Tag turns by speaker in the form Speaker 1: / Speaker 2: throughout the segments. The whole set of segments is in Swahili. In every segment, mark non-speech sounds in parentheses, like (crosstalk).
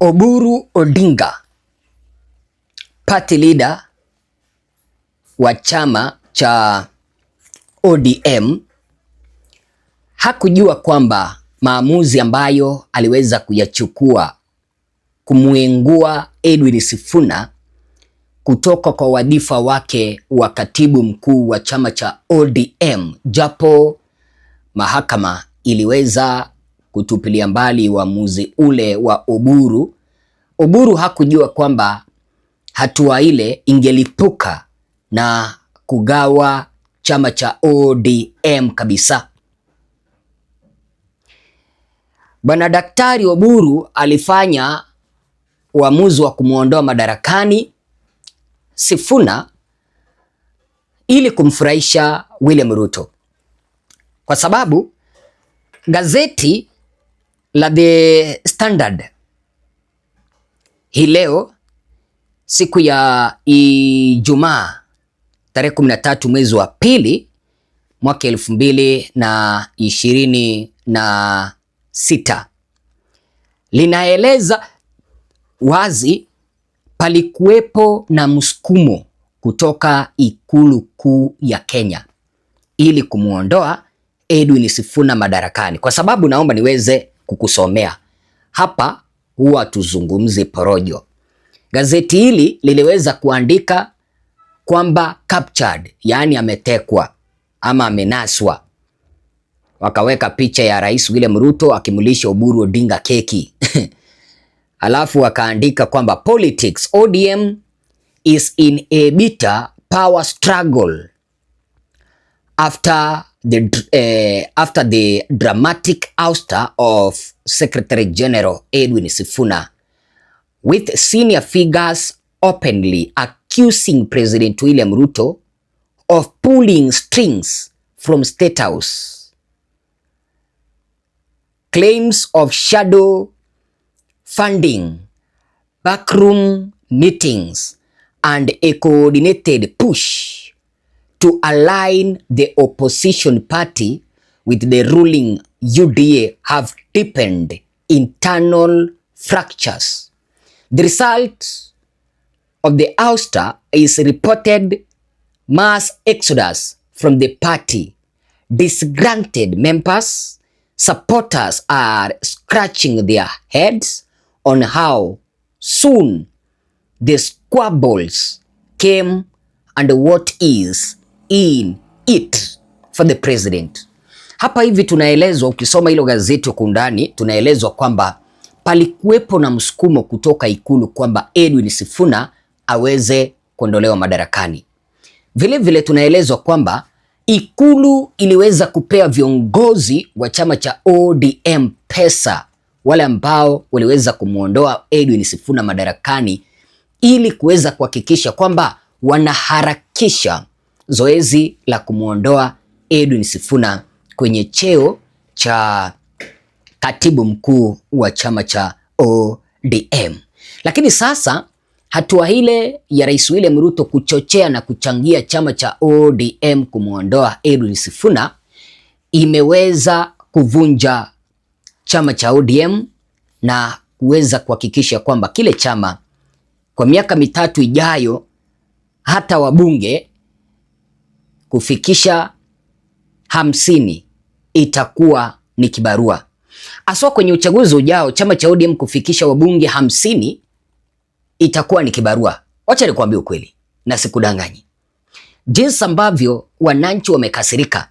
Speaker 1: Oburu Odinga, party leader wa chama cha ODM, hakujua kwamba maamuzi ambayo aliweza kuyachukua kumwengua Edwin Sifuna kutoka kwa wadhifa wake wa katibu mkuu wa chama cha ODM, japo mahakama iliweza kutupilia mbali uamuzi ule wa Oburu. Oburu hakujua kwamba hatua ile ingelipuka na kugawa chama cha ODM kabisa. Bwana Daktari Oburu alifanya uamuzi wa kumwondoa madarakani Sifuna ili kumfurahisha William Ruto, kwa sababu gazeti la The Standard hii leo siku ya Ijumaa tarehe 13 mwezi wa pili mwaka elfu mbili na ishirini na sita linaeleza wazi palikuwepo na msukumo kutoka ikulu kuu ya Kenya ili kumwondoa Edwin Sifuna madarakani. Kwa sababu naomba niweze kukusomea. Hapa huwa tuzungumzi porojo. Gazeti hili liliweza kuandika kwamba captured, yaani ametekwa ama amenaswa. Wakaweka picha ya Rais William Ruto akimlisha Oburu Odinga keki (laughs) alafu wakaandika kwamba politics ODM is in a bitter power struggle after the, uh, after the dramatic ouster of Secretary General Edwin Sifuna, with senior figures openly accusing President William Ruto of pulling strings from State House. Claims of shadow funding, backroom meetings, and a coordinated push to align the opposition party with the ruling UDA have deepened internal fractures. The result of the ouster is reported mass exodus from the party. Disgruntled members, supporters are scratching their heads on how soon the squabbles came and what is in it for the president. Hapa hivi tunaelezwa, ukisoma hilo gazeti huku ndani, tunaelezwa kwamba palikuwepo na msukumo kutoka Ikulu kwamba Edwin Sifuna aweze kuondolewa madarakani. Vilevile tunaelezwa kwamba Ikulu iliweza kupea viongozi wa chama cha ODM pesa, wale ambao waliweza kumwondoa Edwin Sifuna madarakani, ili kuweza kuhakikisha kwamba wanaharakisha zoezi la kumwondoa Edwin Sifuna kwenye cheo cha katibu mkuu wa chama cha ODM. Lakini sasa hatua ile ya Rais William Ruto kuchochea na kuchangia chama cha ODM kumwondoa Edwin Sifuna imeweza kuvunja chama cha ODM na kuweza kuhakikisha kwamba kile chama kwa miaka mitatu ijayo hata wabunge kufikisha hamsini itakuwa ni kibarua aswa kwenye uchaguzi ujao. Chama cha ODM kufikisha wabunge hamsini itakuwa ni kibarua. Wacha nikwambie ukweli na sikudanganyi, jinsi ambavyo wananchi wamekasirika,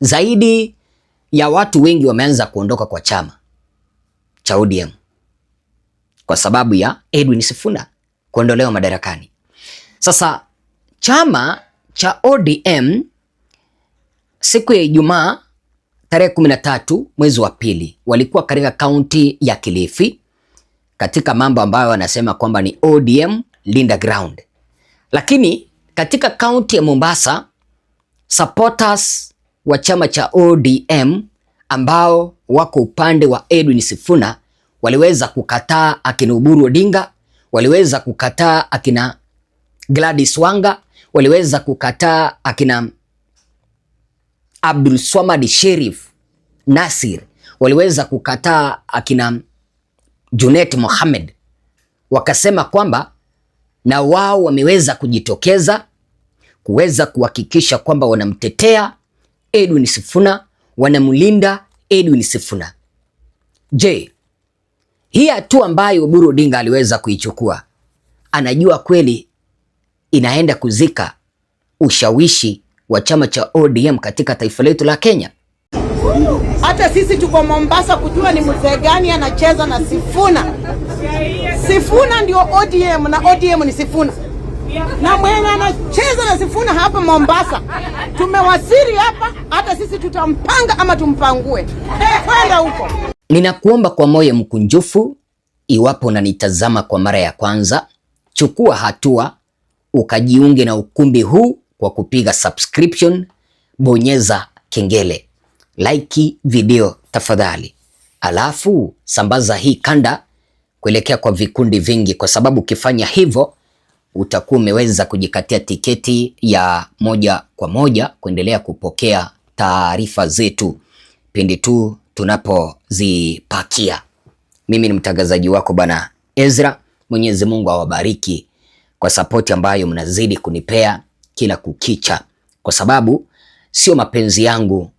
Speaker 1: zaidi ya watu wengi wameanza kuondoka kwa chama cha ODM kwa sababu ya Edwin Sifuna kuondolewa madarakani. Sasa chama cha ODM siku ya Ijumaa tarehe 13 mwezi wa pili walikuwa katika kaunti ya Kilifi katika mambo ambayo wanasema kwamba ni ODM Linda Ground, lakini katika kaunti ya Mombasa supporters wa chama cha ODM ambao wako upande wa Edwin Sifuna waliweza kukataa akina Uburu Odinga, waliweza kukataa akina Gladys Wanga, waliweza kukataa akina Abdul Swamad Sherif Nasir, waliweza kukataa akina Junet Mohamed, wakasema kwamba na wao wameweza kujitokeza kuweza kuhakikisha kwamba wanamtetea Edwin Sifuna, wanamlinda Edwin Sifuna. Je, hii hatua ambayo Oburu Odinga aliweza kuichukua, anajua kweli inaenda kuzika ushawishi wa chama cha ODM katika taifa letu la Kenya. Hata sisi tuko Mombasa kujua ni mzee gani anacheza na Sifuna. Sifuna ndio ODM na ODM ni Sifuna, na mwenye anacheza na Sifuna hapa Mombasa tumewasiri hapa, hata sisi tutampanga ama tumpangue eh, kwenda huko. Ninakuomba kwa moyo mkunjufu, iwapo unanitazama kwa mara ya kwanza, chukua hatua ukajiunge na ukumbi huu kwa kupiga subscription, bonyeza kengele, like video tafadhali, alafu sambaza hii kanda kuelekea kwa vikundi vingi, kwa sababu ukifanya hivyo utakuwa umeweza kujikatia tiketi ya moja kwa moja kuendelea kupokea taarifa zetu pindi tu tunapozipakia. Mimi ni mtangazaji wako bana Ezra. Mwenyezi Mungu awabariki kwa sapoti ambayo mnazidi kunipea kila kukicha, kwa sababu sio mapenzi yangu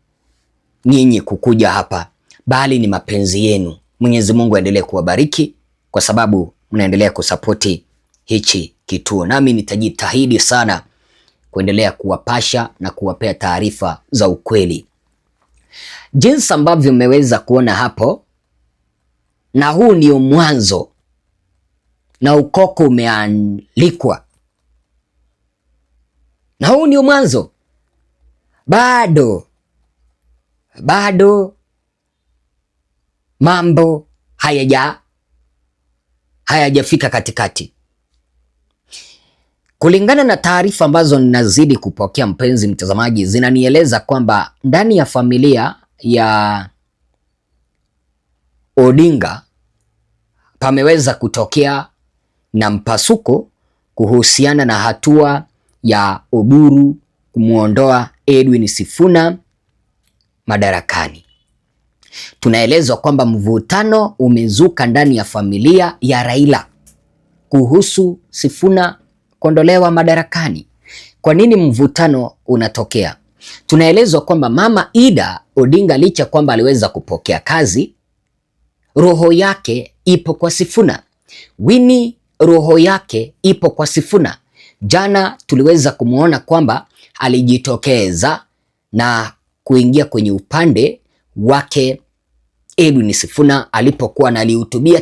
Speaker 1: nyinyi kukuja hapa, bali ni mapenzi yenu. Mwenyezi Mungu aendelee kuwabariki kwa sababu mnaendelea kusapoti hichi kituo, nami nitajitahidi sana kuendelea kuwapasha na kuwapea taarifa za ukweli jinsi ambavyo mmeweza kuona hapo, na huu ndio mwanzo na ukoko umealikwa, na huu ndio mwanzo. Bado bado mambo hayaja hayajafika katikati, kulingana na taarifa ambazo ninazidi kupokea, mpenzi mtazamaji, zinanieleza kwamba ndani ya familia ya Odinga pameweza kutokea na mpasuko kuhusiana na hatua ya Oburu kumwondoa Edwin Sifuna madarakani. Tunaelezwa kwamba mvutano umezuka ndani ya familia ya Raila kuhusu Sifuna kuondolewa madarakani. Kwa nini mvutano unatokea? Tunaelezwa kwamba Mama Ida Odinga licha kwamba aliweza kupokea kazi, roho yake ipo kwa Sifuna. Winnie roho yake ipo kwa Sifuna. Jana tuliweza kumwona kwamba alijitokeza na kuingia kwenye upande wake Edwin Sifuna alipokuwa analihutubia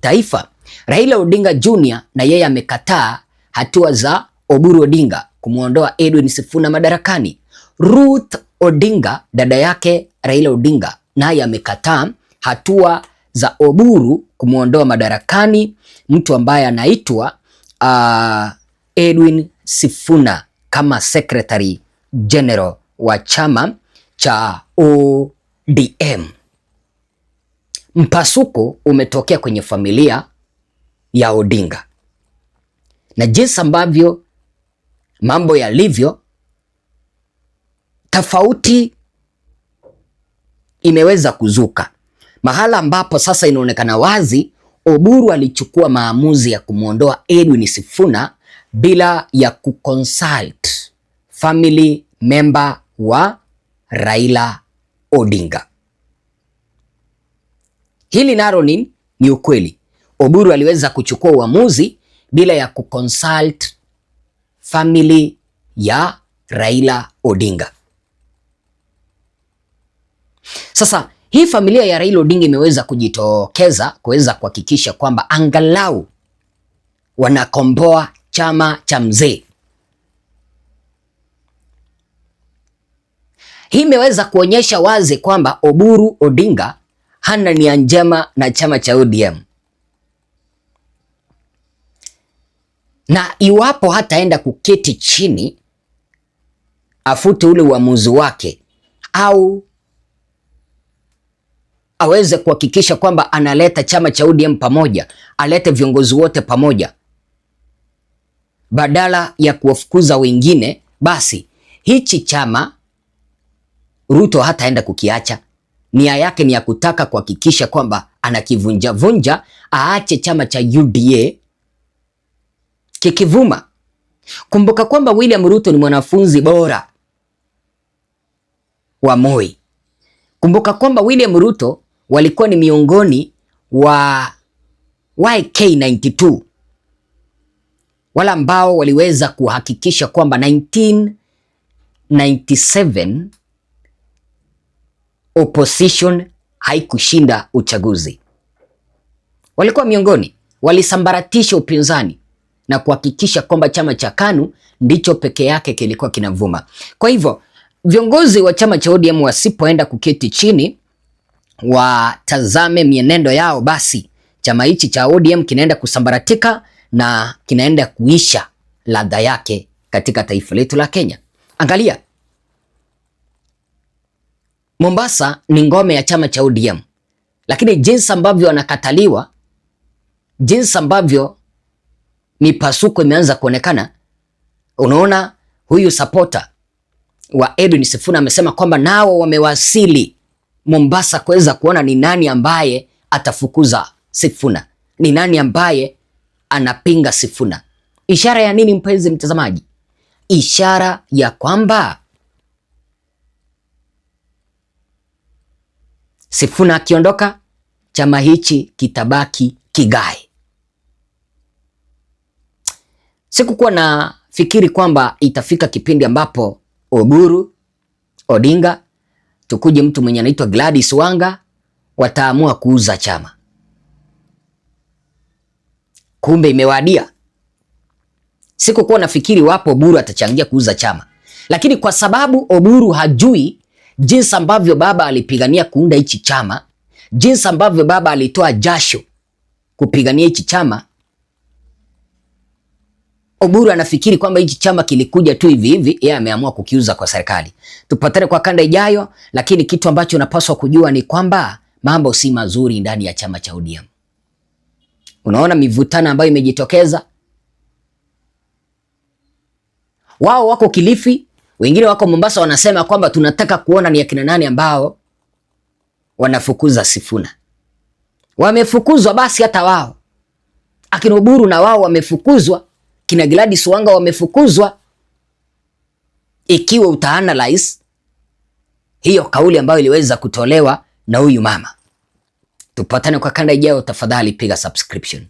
Speaker 1: taifa. Raila Odinga Junior na yeye amekataa hatua za Oburu Odinga kumwondoa Edwin Sifuna madarakani. Ruth Odinga dada yake Raila Odinga naye amekataa hatua za Oburu kumwondoa madarakani mtu ambaye anaitwa uh, Edwin Sifuna kama secretary general wa chama cha ODM. Mpasuko umetokea kwenye familia ya Odinga na jinsi ambavyo mambo yalivyo, tofauti imeweza kuzuka mahala ambapo sasa inaonekana wazi Oburu alichukua maamuzi ya kumwondoa Edwin Sifuna bila ya kuconsult family member wa Raila Odinga. Hili nalo ni ni ukweli. Oburu aliweza kuchukua uamuzi bila ya kuconsult family ya Raila Odinga. Sasa hii familia ya Raila Odinga imeweza kujitokeza kuweza kuhakikisha kwamba angalau wanakomboa chama cha mzee. Hii imeweza kuonyesha wazi kwamba Oburu Odinga hana nia njema na chama cha ODM, na iwapo hataenda kuketi chini afute ule uamuzi wake au aweze kuhakikisha kwamba analeta chama cha ODM pamoja, alete viongozi wote pamoja badala ya kuwafukuza wengine. Basi hichi chama Ruto hataenda kukiacha. Nia yake ni ya kutaka kuhakikisha kwamba anakivunjavunja, aache chama cha UDA kikivuma. Kumbuka kwamba William Ruto ni mwanafunzi bora wa Moi. Kumbuka kwamba William Ruto walikuwa ni miongoni wa YK92 wala ambao waliweza kuhakikisha kwamba 1997 opposition haikushinda uchaguzi. Walikuwa miongoni, walisambaratisha upinzani na kuhakikisha kwamba chama cha KANU ndicho peke yake kilikuwa kinavuma. Kwa hivyo viongozi wa chama cha ODM wasipoenda kuketi chini watazame mienendo yao, basi chama hichi cha ODM kinaenda kusambaratika na kinaenda kuisha ladha yake katika taifa letu la Kenya. Angalia, Mombasa ni ngome ya chama cha ODM, lakini jinsi ambavyo wanakataliwa, jinsi ambavyo mipasuko imeanza kuonekana, unaona huyu supporter wa Edwin Sifuna amesema kwamba nao wamewasili Mombasa kuweza kuona ni nani ambaye atafukuza Sifuna, ni nani ambaye anapinga Sifuna. Ishara ya nini, mpenzi mtazamaji? Ishara ya kwamba Sifuna akiondoka, chama hichi kitabaki kigae. Sikukuwa na fikiri kwamba itafika kipindi ambapo Oburu Odinga tukuje mtu mwenye anaitwa Gladys Wanga, wataamua kuuza chama. Kumbe imewadia. Sikukuwa nafikiri wapo Oburu atachangia kuuza chama, lakini kwa sababu Oburu hajui jinsi ambavyo baba alipigania kuunda hichi chama, jinsi ambavyo baba alitoa jasho kupigania hichi chama, Oburu anafikiri kwamba hichi chama kilikuja tu hivi hivi, yeye ameamua kukiuza kwa serikali. Tupatane kwa kanda ijayo, lakini kitu ambacho unapaswa kujua ni kwamba mambo si mazuri ndani ya chama cha ODM. Unaona mivutano ambayo imejitokeza, wao wako Kilifi, wengine wako Mombasa, wanasema kwamba tunataka kuona ni akina nani ambao wanafukuza Sifuna. Wamefukuzwa basi hata wao akina Oburu na wao wamefukuzwa, kina Gladys Wanga wamefukuzwa, ikiwa utaanalyze hiyo kauli ambayo iliweza kutolewa na huyu mama. Tupatane kwa kanda ijayo, tafadhali piga subscription.